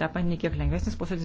tą panikė lengvesnis posėdis